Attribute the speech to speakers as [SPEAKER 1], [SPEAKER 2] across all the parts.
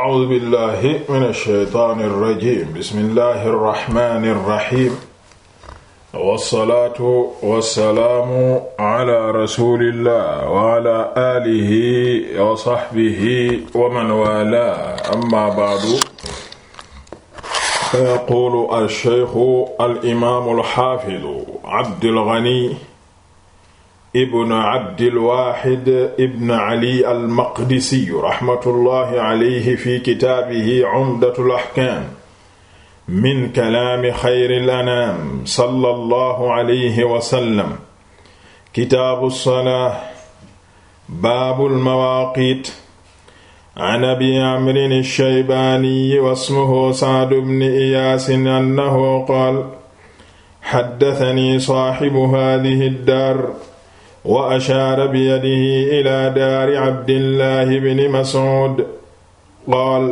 [SPEAKER 1] a'uuzu billahi mina shaytaani rajiim bismillahi rahmaani rahiim wasalaatu wasalaamu ala rasulillah wa ala alihi wa sahbihi wa man waalaa amma ba'du fa yaquulu al-shaykhu al-imaamu al-haafidu Abdul Ghani ibn abdilwaxid ibn ali almaqdisiyu raxmatullahi alayhi fi kitaabihi cumdatul axkaam min kalaami xayril anaam sallallahu alayhi wa sallam kitaabu salaa baabul mawaaqiit an abi amrin ash-shaybaaniyi wasmuhu sacd ibn iyaasin annahu qaal xaddatani saaxibu haadihi daar wa ashaara biyadihi ila daari abdillahi bni mas'ud qaal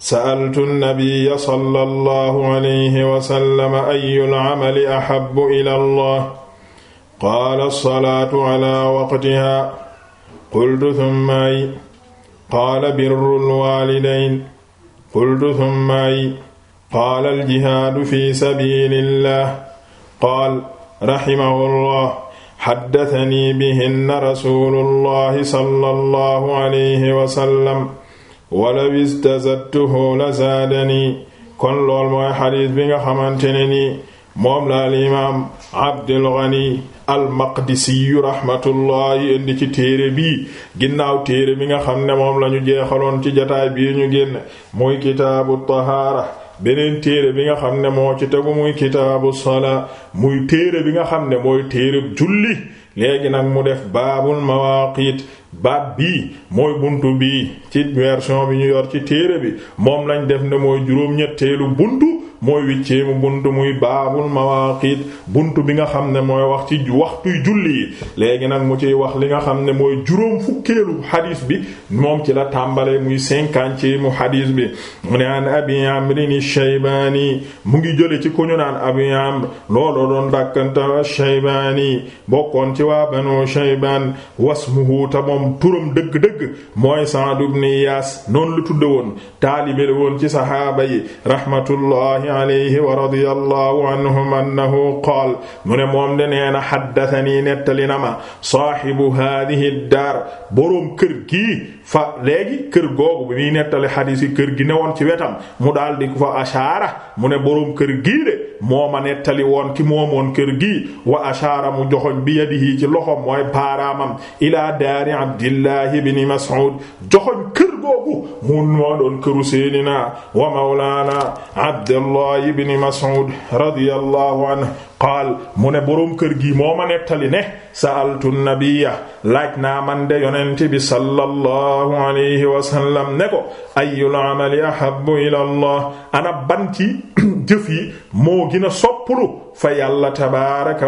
[SPEAKER 1] sa'altu nabiyya sallallahu alayhi wa sallam ayyul amali ahabbu ila allah qaala as-salaatu ala waqtiha qultu thumma ay qaala birrul waalidayn qultu thumma ay qaala al jihaadu fi sabiilillah qaal rahimahu allah xaddatani bihinna rasulullahi sallallahu alayhi wa sallam walaw istazadtuhu la zaadani kon lool mooy xadiis bi nga xamante ne ni moom la al imaam Abdul Ghani almaqdisiyu rahmatullahi indi ci téere bii ginnaaw téere bi nga xam ne moom lañu jeexaloon ci jataay bii ñu génn muy kitaabu tahaara beneen téere bi nga xam ne moo ci tegu muy kitaabu salaa muy téere bi nga xam ne mooy téere julli léegi nag mu def baabul mawaaqiit baat bii mooy bunt bii ci version bi ñu yor ci téere bi moom lañ def ne mooy juróom-ñetteelu buntu mooy wicceemu bunt muy baabul mawaqit bunt bi nga xam ne mooy wax ci waxtuy julli yi léegi nag mu ciy wax li nga xam ne mooy juróom fukkeelu xadiis bi moom ci la tàmbalee muy cinquantième mu xadiis bi mu ne an abi amrin shaybaani mu ngi jële ci ku ñu naan abi amr looloo doon dàkkanta shaybaani bokkoon ci waa banu shaybaan wasmuhu ta moom turam dëgg-dëgg mooy Sa'd ibn Iyaas lu tudde woon taalibe la woon ci alayhi wa radiyallahu anhum annahu qaal mu ne moom de nee nettali na ma saahibu boroom kër gii fa léegi kër googu bi kër gi ne ci wetam mu daldi di fa ashaara mu ne boroom kër gii de moo ma nettali woon ki moomoon kër gii wa ashaara mu joxoñ bi yadihi ci loxom mooy mu moo doon këru seydina wa mawlaana abdallah ibn mas'ud radiyallahu anhu qaal mu ne boroom kër gi moo ma nettali sa'altu nabiyya laaj naa man de yonent bi sallallahu alayhi wa allah ana ban ci jëf yi moo gën a soppulu fa yàlla tabaaraka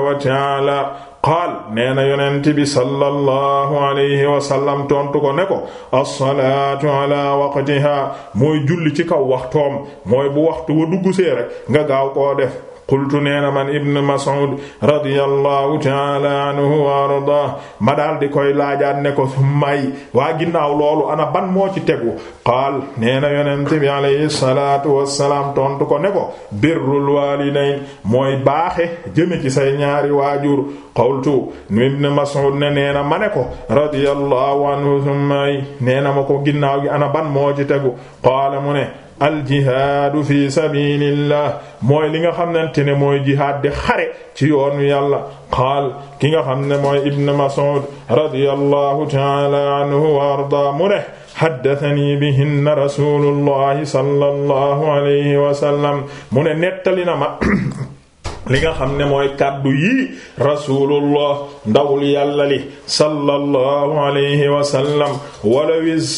[SPEAKER 1] qaal nee na yonent bi sallallahu alayhi wa sallam tontu ko ne ko as-salaatu ala waqtiha mooy julli ci kaw waxtoom mooy bu waxtu wa dugg see rek nga gaaw koo def qultu nee na man ibn mas'ud radiyallahu taala anhu wa ardah ma koy laajaat ne ko may waa ginnaaw loolu ana ban moo ci tegu qaal nee na yonent bi salaatu wassalaam tontu ko ne ko birrul walidayn mooy baaxe jëme ci say ñaari waajur qultu ibn mas'ud ne nee na ko radiyallahu anhu thumma nee ma ko ginnaaw gi ana ban moo ci tegu qaala mu ne al jihaadu fi sabilillah mooy li nga xamante ne mooy jihaad di xare ci yoonu yàlla qaal ki nga xam ne mooy ibn Mas'ud radiyallahu ta'ala anhu wa arda mu ne haddathani bihinna rasulullahi sallallahu alayhi wa sallam mu ne nettali na ma li nga xam ne mooy kàddu yii rasulullah ndawul yàlla li sallallahu alayhi wa sallam wala wis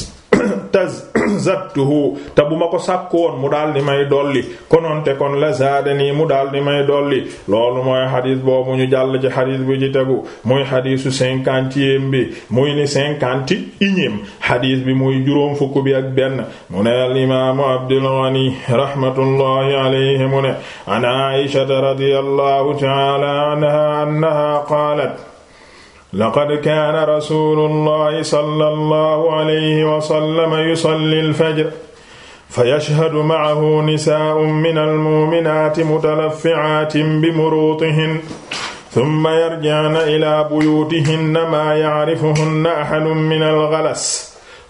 [SPEAKER 1] tazattuhu te bu ma ko mu daal di may dolli konoonte kon la zaadani mu daal di may dolli loolu mooy xadis boobu ñu jàll ci xadis bi ci tegu muy xadisu cinquantième bi muy ni cinquante unième xadis bi muy juróom fukk bi ak benn mu ne al imaamu Abdul Ghani rahmatullahi alayhi an Aisha radiyallahu ta'ala anha annaha qaalat laqad kaana rasuulullahi sallallahu alayhi wa sallam yusalli al-fajr fa yashhadu ma'ahu nisaa'un min al-mu'minaati mutalaffi'aatin bimuruutihin summa yarji'na ilaa buyuutihinna maa ya'rifuhunna ahadun min al-ghalas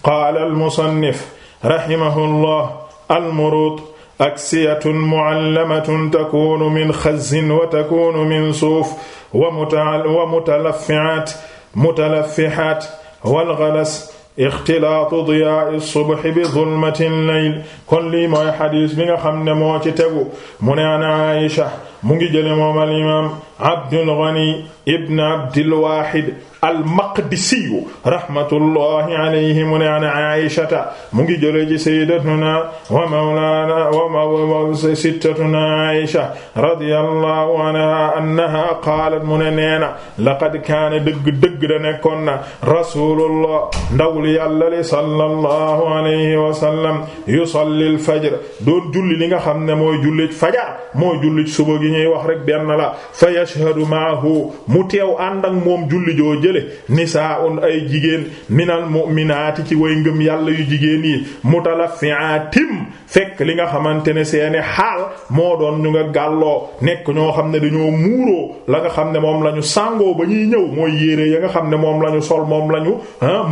[SPEAKER 1] qaala al-musannif rahimahullah al-muruut aksiyatun mu'allamatun takunu min xazin wa takunu min suuf wa mutalaffi'aat mutalaffihaat wal ghalas ixtilaatu diyaa'i subhi bi zulmati layl kon lii mooy xadiis bi nga xam ne moo ci tegu mu ne an Aisha mu ngi jële moom al imaam Abdul Ghani ibn Abdil Waahid al-Maqdisiyu rahmatullahi alayhi mu ne an Aysata mu ngi jële ci sayyidatuna wa mawlana wa sittatuna Aysa radiyallahu anha annaha qaalat mu ne neena laqad kaana dëgg-dëgg da nekkoon na rasulullah ndawul yàlla li sallallahu alayhi wa sallam yusalli al-fajr doon julli li nga xam ne mooy jullit fajar mooy jullit suba gi ñuy wax rek benn la fa yashhadu ma'ahu mu teew ànd ak moom julli jooju jële nisaa'un ay jigéen minal mu'minaati ci way ngëm yàlla yu jigéen yi mutalaffi'aatim fekk li nga xamante ne seeni xaal moo doon ñu nga gàlloo nekk ñoo xam ne dañoo muuroo la nga xam ne moom lañu ñu ba ñëw mooy yére ya nga xam ne moom la sol moom la ñu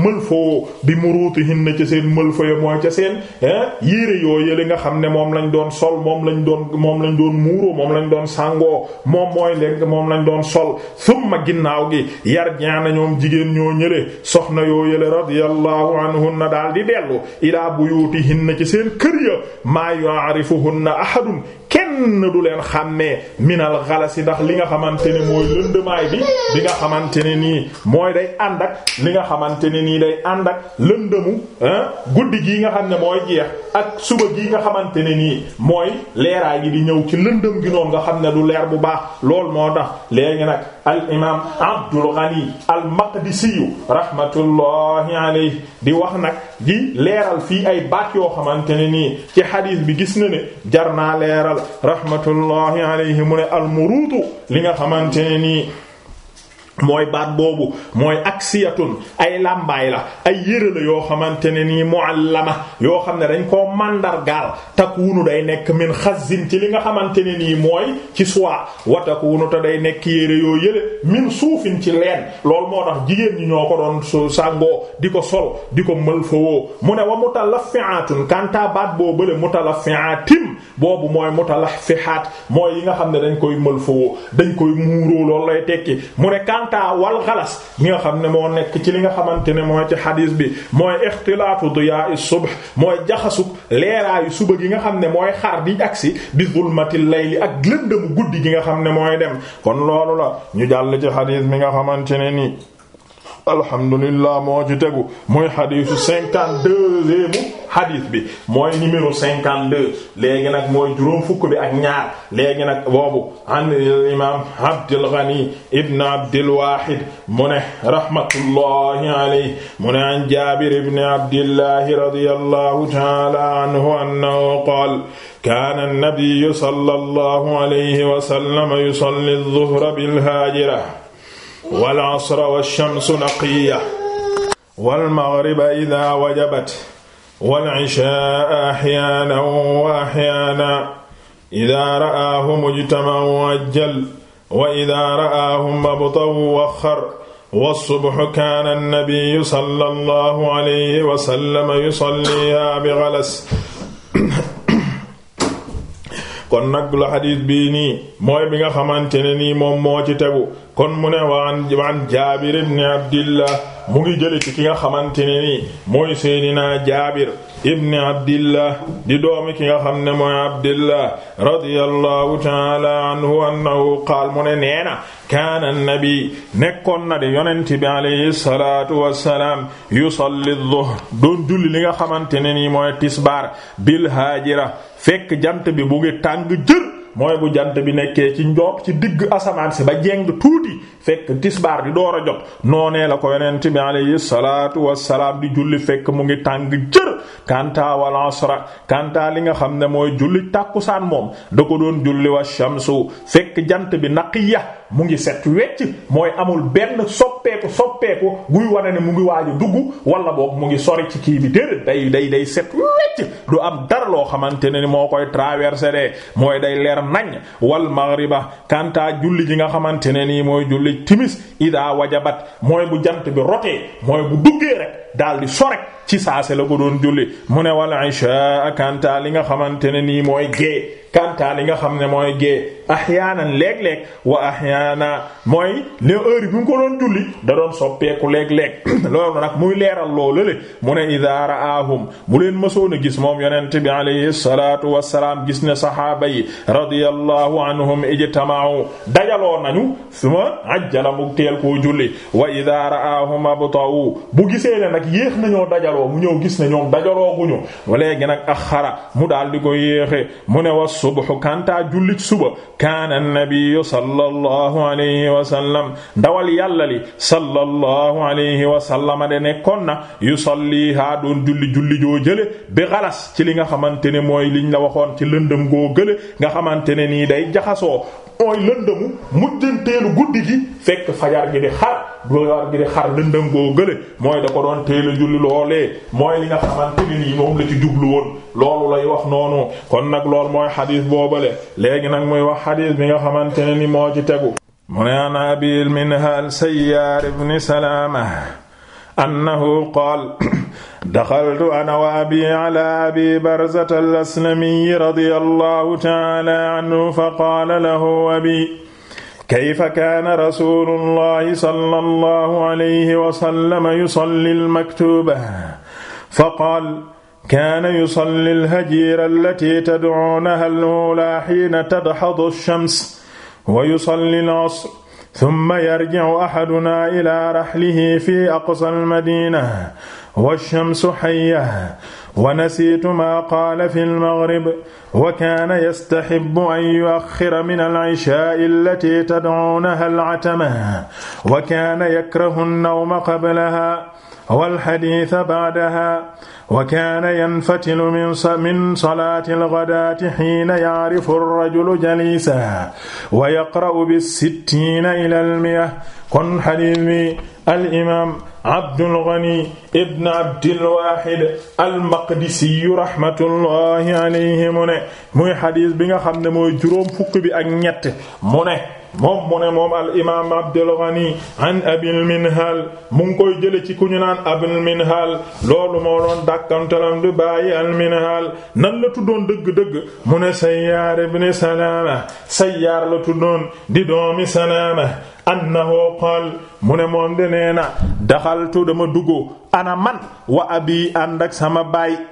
[SPEAKER 1] mël foo bi muruutihinna ca seen mël foo ya mooy ca seen yére yooyu li nga xam ne moom lañ doon sol moom lañ doon moom lañ doon muuroo moom lañ doon sangoo moom mooy lekk moom lañ doon sol summa ginnaaw gi yar na ñoom jigéen ñoo ñële soxna yoo yële radiyallahu anhunna daal di dellu ilaa buyutihinna ci seen kër ya maa ya'rifuhunna ahadun kenn du leen xàmmee minal xalasi ndax li nga xamante ne mooy lëndëmaay bi bi nga xamante ne nii mooy day ànd ak li nga xamante ne nii day ànd ak lëndëmu guddi gii nga xam ne mooy jeex ak suba gii nga xamante ne nii mooy leeraay gi di ñëw ci lëndëm gi noonu nga xam ne du leer bu baax lool moo tax léegi nag al imaam Abdul Ghani al Maqdisiyu rahmatullahi alayhi di wax nag di leeral fii ay baat yoo xamante ne nii ci xadiis bi gis na ne jar naa leeral rahmatullahi alayhi mu ne almuruutu li nga xamante ne nii mooy baat boobu mooy aksiyatun ay làmbaay la ay yére la yoo xamante ne nii muallama yoo xam ne dañ koo màndargaal takkuunu day nekk min xazin ci li nga xamante ne nii mooy ci soie wa takkuunu te day nekk yére yoo yële min suufin ci leen lool moo tax jigéen ñi ñoo ko doon su sàngoo di ko sol di ko mël fawoo mu ne wa mutalaffi'atun kanta baat boo bële mutalaffi'atim boobu mooy mutalaffihat mooy yi nga xam ne dañ koy mël fawoo dañ koy muuroo loolu lay tekki kanta wal xalas mi nga xam ne moo nekk ci li nga xamante ne mooy ci xadiis bi mooy ixtilaatu diyaa subh mooy jaxasu leeraayu suba gi nga xam ne mooy xaar di agsi bi zulmatil layli ak lëndëmu guddi gi nga xam ne mooy dem kon loolu la ñu jàll ci xadiis mi nga xamante ne nii alhamdulillah moo ci tegu muy xadiisu cinquante deuxième xadiis bi mooy numéro cinquante deux léegi nag mooy juróom fukk bi ak ñaar léegi nag boobu an imaam Abdul Ghani ibn Abdul Wahid mu ne rahmatullahi alayhi mu ne an Jaabir ibn Abdillah radiyallahu ta'ala anhu annahu qaala kaana an-nabiyyu sallallahu alayhi wa sallam yusalli adh-dhuhra bil haajira wal asra wash-shamsu naqiya wal maghriba idha wajabat wal 'ishaa ahyaanan wa ahyaanan idha ra'aahum mujtama'un ajjal wa idha ra'aahum mabtaw wakhar والصبح كان النبي صلى الله عليه وسلم يصليها بغلس kon nag la xadiis bii nii mooy bi nga xamante ne nii moom moo ci tegu kon mu wa waan waan jaabir ibn abdillah mu ngi jële ki nga xamante ne nii mooy seydinaa jaabir ibn abdillah di doomi ki nga xam ne mooy abdillah radiyallahu taala anhu annahu qaal mu ne nee na kaana nabi nekkoon na de yonent bi alayhi salaatu doon julli li nga xamante ne nii mooy tisbaar bil haajira fekk jant bi bu ngi tàng jër mooy bu jant bi nekkee ci njoog ci digg asamaan si ba jeng tuuti fekk tisbaar di door a jot noonee la ko yonent bi alayhi salaatu wassalaam di julli fekk mu ngi tàng jër kanta wal asra kanta li nga xam ne mooy julli saan moom da ko doon julli wa shamsu fekk jant bi naqiya mu ngi set wecc mooy amul benn soppeeku soppeeku guy wane ne mu ngi waaju dugg wala boog mu ngi sori ci kii bi déedéet day day day set wecc du am dara loo xamante ne moo koy traversé de leer nañ wal maghriba kanta julli ji nga xamante ne nii mooy julli timis ida wajabat mooy bu jant bi rotee mooy bu duggee rek daal di sorek ci saase la ko doon julli mu ne wal isha kanta li nga xamante ne nii mooy gée kantaa li nga xam ne mooy gée ahyaanan léeg-léeg wa ahyaana mooy ne ko doon julli soppeeku léeg-léeg loolu nag muy leeral loolu le mu ne idaa raahum bu leen mësoon a gis moom yonent bi alayhi salaatu wassalaam gis ne sahaaba yi radiyallahu anhum ijtama'u dajaloo nañu suma ajjala mu teel koo julli wa idaa raahum abta'u bu gisee ne nag yéex nañoo dajaloo mu ñëw gis ne ñoom dajaloo guñu léegi nag axara mu daal di ko yéexe mu ne was subhu kantaa jullit suba kaana nabiyu sallallahu alayhi wa sallam dawal yàlla li sallallahu alayhi wa sallam de nekkoon na yusalliha doon julli julli joo jële bi xalas ci li nga xamante ne mooy liñ la waxoon ci lëndëm goo gële nga xamante ne nii day jaxasoo mooy lëndëmu mujjanteelu guddi gi fekk fajar gi di doywaar gi di xar lëndëm goo a julli mooy li nga xamante la wax noonu kon nag loolu mooy xadiis boobale léegi nag muy wax xadiis bi nga xamante ne ni moo ci tegu mu ne an abil minhal sayyaar ibn salaama annahu qaal daxaltu ana wa abi ala abi barzata al aslamiyi radiyallahu ta'ala anhu fa qaala lahu kayfa kaana rasuulullahi sallallahu alayhi wa sallam yusalli al-maktuuba faqaala kaana yusalli al-hajiira allatii tad'uunahaa al-uulaa hiina tadhadu ash-shams wa yusalli al-'asr thumma yarji'u ahadunaa ilaa rahlihi fii aqsaa al-madiina wash-shamsu hayyah wa nasiitu maa qaala fi lmagrib wa kaana yastaxibbu an yuaxira min alcishaai allati tadcuunaha alatama wa kaana yakrahu nnawma qablaha walxadiisa bacdaha wa kaana yanfatilu min salaati algadaati xiina yacrifu arrajulu jaliisahu wa yaqra'u bissittiina ila almiya kon xadiis bi al imaam Abdul Ghani ibn Abdil Wahid al-Maqdisi rahmatullahi alayhi mu ne muy xadis bi nga xam ne mooy juróom fukk bi ak ñett mu ne moom mu ne moom al Abdul Ghani an Abil Minhal mu ngi koy jële ci ku ñu naan Abil Minhal loolu moo doon dàkkantalam du bàyyi al nan la tuddoon dëgg-dëgg mu ne Sayyaar ibn Salaama Sayyaar la tuddoon di doomi Salaama annahu qaal mu moom de nee daxa daxaltu dama duggoo ana man wa abi ànd sama baay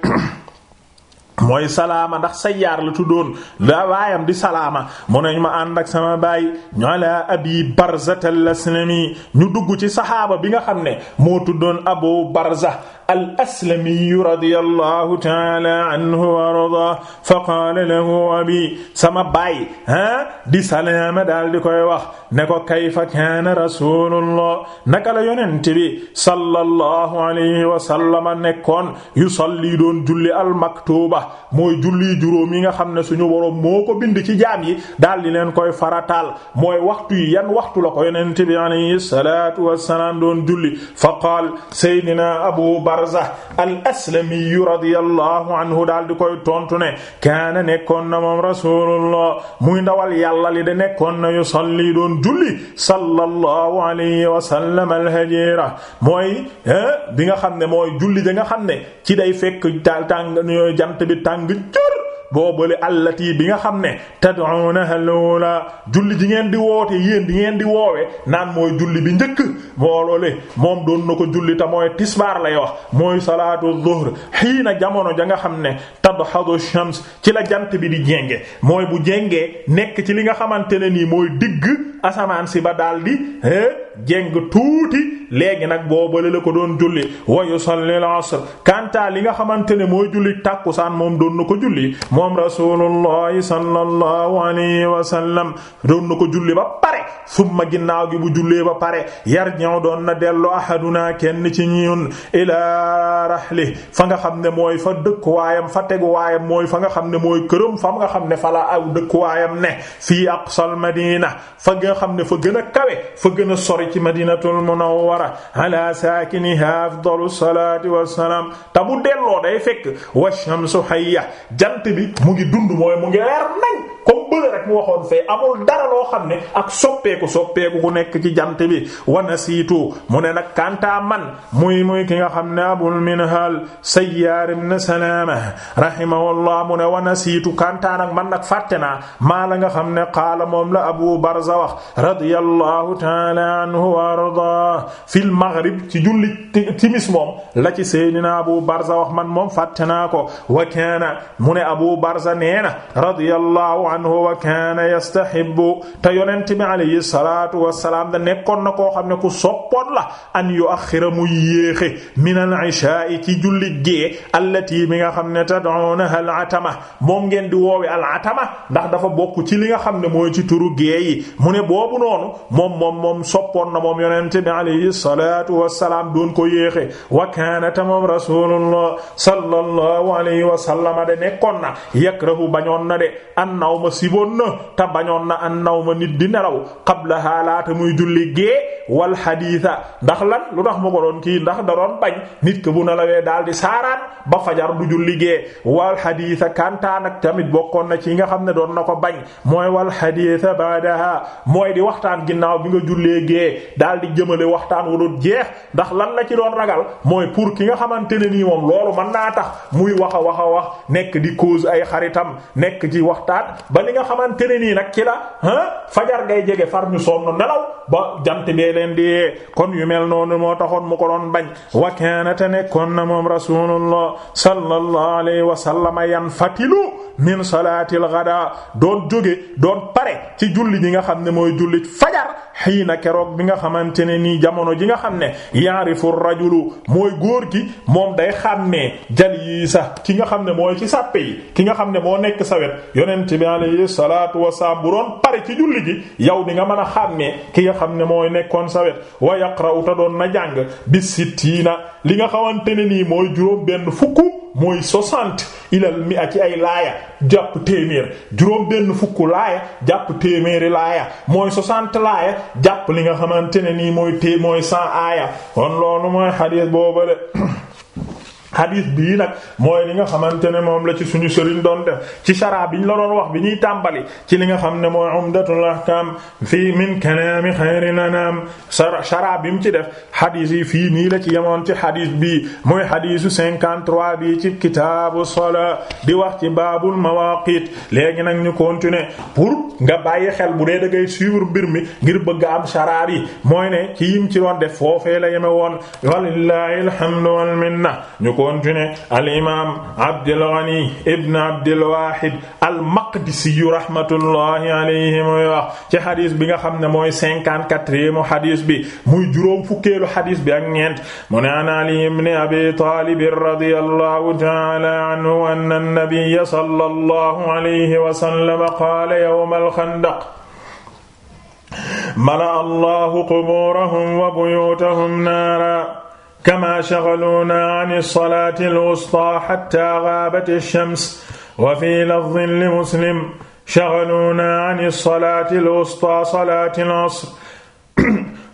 [SPEAKER 1] mooy salaama ndax sayyaar la tuddoon da waayam di salaama mu ne ñu ma ànd ak sama baay ñu ala abi barzata al-aslami ñu dugg ci saxaaba bi nga xam ne moo tuddoon abu barza al aslamiyu radiyallahu taala anhu wa arda fa qaala lahu abi sama baay ah di salaama daal di koy wax ne ko kayfa kaana rasulullah naka la yonent bi sallallahu alayhi wa sallama nekkoon yusalli doon julli al maktuba mooy julli juróom yi nga xam ne suñu boroom moo ko bind ci jaam yi daal di leen koy farataal mooy waxtu yi yan waxtu la ko yonent bi alayhi salatu wassalaam doon julli fa qaal sayyidina abu Barzah al aslami radiyallahu anhu daal di koy tontu ne kaana nekkoon na moom rasulullah muy ndawal yàlla li de nekkoon na yusalli doon julli sallallahu alayhi wa sallam al hajira eh, bi nga xam ne mooy julli da nga xam ne ci day fekk tàng jant bi tàng jër boobale allati bi nga xam ne tad'unaha al-ula julli ji ngeen di woote yéen di ngeen di woowe naan mooy julli bi njëkk boolole moom doon na ko julli ta mooy tisbaar wax mooy salaatu dhuhr xiina jamono ja nga xam ne tadhadu shams ci la jant bi di jénge mooy bu jéngee nekk ci li nga xamante ne nii mooy digg asamaan si ba daldi jéng tuuti léegi nag boobale la ko doon julli wa yusalli al li nga xamante ne mooy julli tàkkusaan moom doon na ko julli moom rasulullahi sallallahu alayhi wa sallam doon na ko julli ba pare summa ginnaaw gi bu jullee ba pare yarji'u doon na dellu ahaduna kenn ci ñun ilaa rahli fa nga xam ne mooy fa dëkkuwaayam fa teguwaayam mooy fa nga xam ne mooy këram fa nga xam ne fa la aw dëkkuwaayam ne fii aqsal madina fa nga xam ne fa gën a kawe fa gën a sori ci madinatul munawwara ala saakiniha afdalu salaati wassalaam ta bu delloo day fekk wa shamsu hayya jant bi nit mu ngi dund mooy mu ngi leer nañ comme bële rek mu waxoon fee amul dara loo xam ne ak soppeeku soppeeku ku nekk ci jant bi wana siitu mu ne nag kantaa man muy muy ki nga xam ne abul minhal sayyaar ibn salaama rahimahullah mu ne wana siitu kantaa nag man nag fàtte naa maa la nga xam ne qaala moom la abu barza wax radiyallahu taala ardaa fil maghrib ci julli timis moom la ci seydina abu barza wax man moom fàtte naa ko wa kaana mu ne abu barza neena radiyallahu anhu wa kaana yastahibbu te yonent bi alayhi salaatu wassalaam da nekkoon na koo xam ne ku soppoon la an yuaxira mu yéexe min al ishaa'i ci julli gee allati mi nga xam ne tad'unaha al atama moom ngeen di woowe al atama ndax dafa bokk ci li nga xam ne mooy ci turu gee yi mu ne boobu noonu moom moom moom soppoon na moom yonent bi alayhi salaatu wassalaam doon ko yéexe wa kaana tamam rasulullah sallallahu alayhi wa sallam de nekkoon na yakrahu bañoon na de annaw ma siboon na te bañoon na an naw ma nit di nelaw xabla haalaata muy julli gee wal xadiisa ndax lan lu tax mu ko doon kii ndax da doon bañ nit ko bu nelawee daal di saaraan ba fajar du julli gee wal xadiisa kantaan ak tamit bokkoon na ci nga xam ne doon na ko bañ mooy wal xadiisa baadaha mooy di waxtaan ginnaaw bi nga jullee gee dal di jëmale waxtaan wu dul jeex ndax lan la ci doon ragal mooy pour ki nga xamante ne nii moom loolu mën naa tax muy wax a wax a wax nekk di cause ay xaritam nekk ci waxtaan ba ni nga xamante ne nii nag ci la ah fajar ngay jege far ñu sonn nelaw ba jant bee leen di yee kon yu mel noonu moo taxoon mu ko doon bañ wa kaana te nekkoon na moom rasulullah sallallahu alayhi wa sallam yanfatilu min salaatil ghadaa doon jóge doon pare ci julli ñi nga xam ne mooy julli fajar xiina keroog bi nga xamante ne nii jamono ji nga xam ne yaarifu rajulu mooy góor gi moom day xàmmee jal yi sax ki nga xam ne mooy ci sàppe yi ki nga xam ne moo nekk sawet wet yonent bi alayhi salaatu wasalaam bu doon pare ci julli ji yow di nga mën a xàmmee ki nga xam ne mooy nekkoon sawet wet wa yaqra'u ta doon na jàng bi na li nga xamante ne nii mooy juróom benn fukku mooy soixante ilal mi ak ay laaya jàpp téeméer juróom benn fukk laaya jàpp téeméeri laaya mooy soixante laaya jàpp li nga xamante ne nii mooy té mooy cent aaya kon loonu mooy xadiis boobu de xadiis bii nag mooy li nga xamante ne moom la ci suñu sëriñ doon def ci saraa bi ñu la doon wax bi ñuy tàmbali ci li nga xam ne mooy umdatul ahkam fii min kalaami xayril anam sa saraa bi mu ci def xadiis yi fii nii la ci yemoon ci xadiis bii mooy xadiisu 53 bi ci kitaabu salaa di wax ci baabul mawaqit léegi nag ñu continuer pour nga bàyyi xel bu dee da ngay suivre mbir mi ngir bëgg am saraa bi mooy ne ci yim ci doon def foofee la yeme woon walillahi alhamdu wal minna continuer al imaam Abdul Ghani ibn Abdul Wahid al Maqdisi rahmatullahi alayhi muy wax ci xadis bi nga xam ne mooy cinquante-quatrième xadis bi muy juróom fukkeelu xadis bi ak ñeent mu ne an Ali ibn Abi Talib radiyallahu ta'ala anhu anna an-nabiyya sallallahu alayhi wa sallam qala yawm al-khandaq mala allahu qubuurahum wa buyuutahum naara kama shaghaluuna an as-salaati al-wustaa hattaa ghaabat ash-shams wa fii lafdhin li Muslim shaghaluuna an as-salaati al-wustaa salaati al-'asr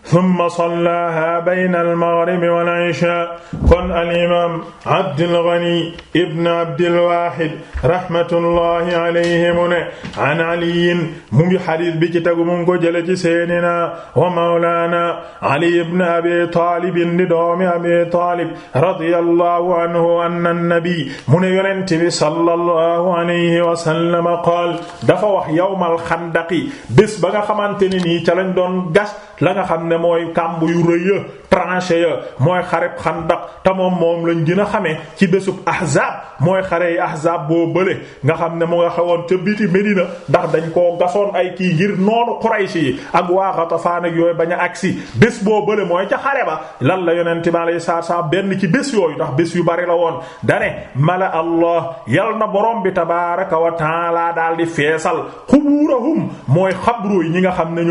[SPEAKER 1] summa sallaha bayna almaghribi wal isha kon alimam abdulgani ibn abdilwahid rahmatullahi alayhi mu ne an aliyin mu ngi xadis bi ci tegu mu ngi ko jële ci seydina wa mawlana ali ibn abi talib di doomi abi talib radiyallahu anhu anna nabi mu ne yonent bi sallallahu alayhi wa sallam qaal dafa wax yawmal xandaqi bés ba nga xamante ne nii ca lañ doon gas la nga xam ne ne mooy kàmb yu rëy ya tranché ya mooy xareb xandaq te moom moom lañ gën a xamee ci bésub ahzab mooy xare yi ahzab boo bële nga xam ne mu nga xewoon ca biti Medina ndax dañ koo gasoon ay kii ngir noonu Quraysh yi ak waa Ghatafaan ak yooyu bañ a agsi bés boo bële mooy ca xare ba lan la yonente bi alayhi salaatu salaam benn ci bés yooyu ndax bés yu bari la woon dane mala allah yal na boroom bi tabaaraka wa taala daal di feesal xubuurahum mooy xabru yi ñi nga xam ne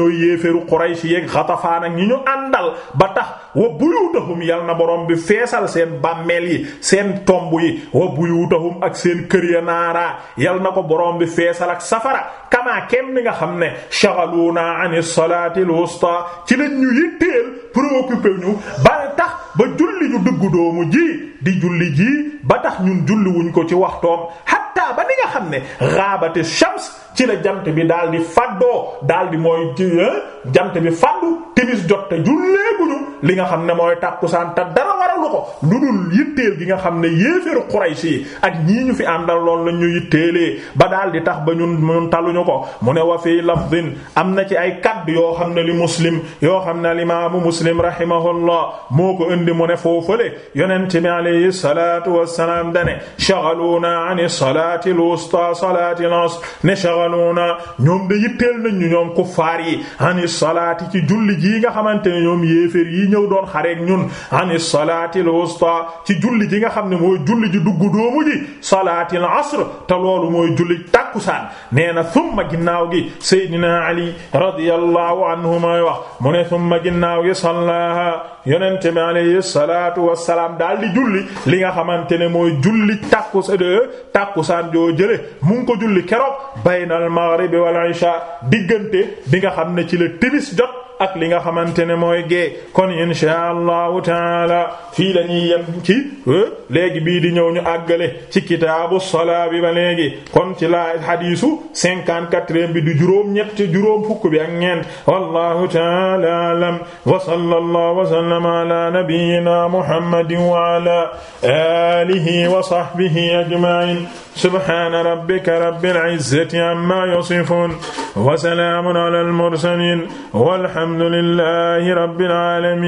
[SPEAKER 1] ñi ñu àndal ba tax wa buyutahum yal na borom bi feesal seen bàmmeel yi seen tomb yi wa buyutahum ak seen kër ya naara yal na ko borom bi feesal ak safara kamaa kenn ni nga xam ne shaghaluna naa as-salati al-wusta ci lañ ñu yitteel préoccupé ñu ba tax ba julli ñu dugg doomu ji di julli ji ba tax ñun julli wuñ ko ci waxtoom hatta ba ni nga xam ne ghabati shams ci la jant bi daal di faddoo daal di mooy eh, jant bi faddu timis jot te jullee guñu li nga xam ne mooy tàkkusaan te dara waralu ko lu dul yitteel gi nga xam ne yéeféeru Quraysi ak ñii ñu fi àndal lool la ñu yitteelee ba daal di tax ba ñun ñun taluñu ko mu ne wa fii lafdin am na ci ay kaddu yoo xam ne li muslim yoo xam ne alimaamu muslim rahimahullah moo ko indi mu ne foofale yonent bi alayhi salatu wasalaam dane shaghaluna an salati al-wusta salati al-asr ne shaghaluna ñoom de yitteel nañ ñu ñoom kuffaar yi an ci julli ji nga xamante ne ñoom yéeféer yi ñëw doon xareek ñun ani salaatil wusta ci julli ji nga xam ne mooy julli ji dugg doomu ji salaatil asr te loolu mooy julli tàkkusaan nee na summa ginnaaw gi saydina ali radiyallahu anhu may wax mu ne summa ginnaaw gi sallaaha yonente bi alayhi salaatu wassalaam daal di julli li nga xamante ne mooy julli tàkkusaan tàkkusaan joo jële mu ngi ko julli keroog baynal maghrib wal diggante bi nga xam ne ci la timis jot ak li nga xamante ne mooy gée kon insha allahu taala fii la ñuy yem ci eh, léegi bii di ñëw ñu àggale ci kitaabu salaa bi ba léegi ci laa xadiisu cinquante-quatrième bi du juróom ñett juróom fukk bi ak ñeent wallahu ta'ala a'lam wa sallallahu wa sallama ala nabiyyina muhammadin wa ala alihi wa sahbihi ajma'in subhana rabbika rabbil izzati amma yasifun wa salamun ala al mursalin walhamdulillahi rabbil alamin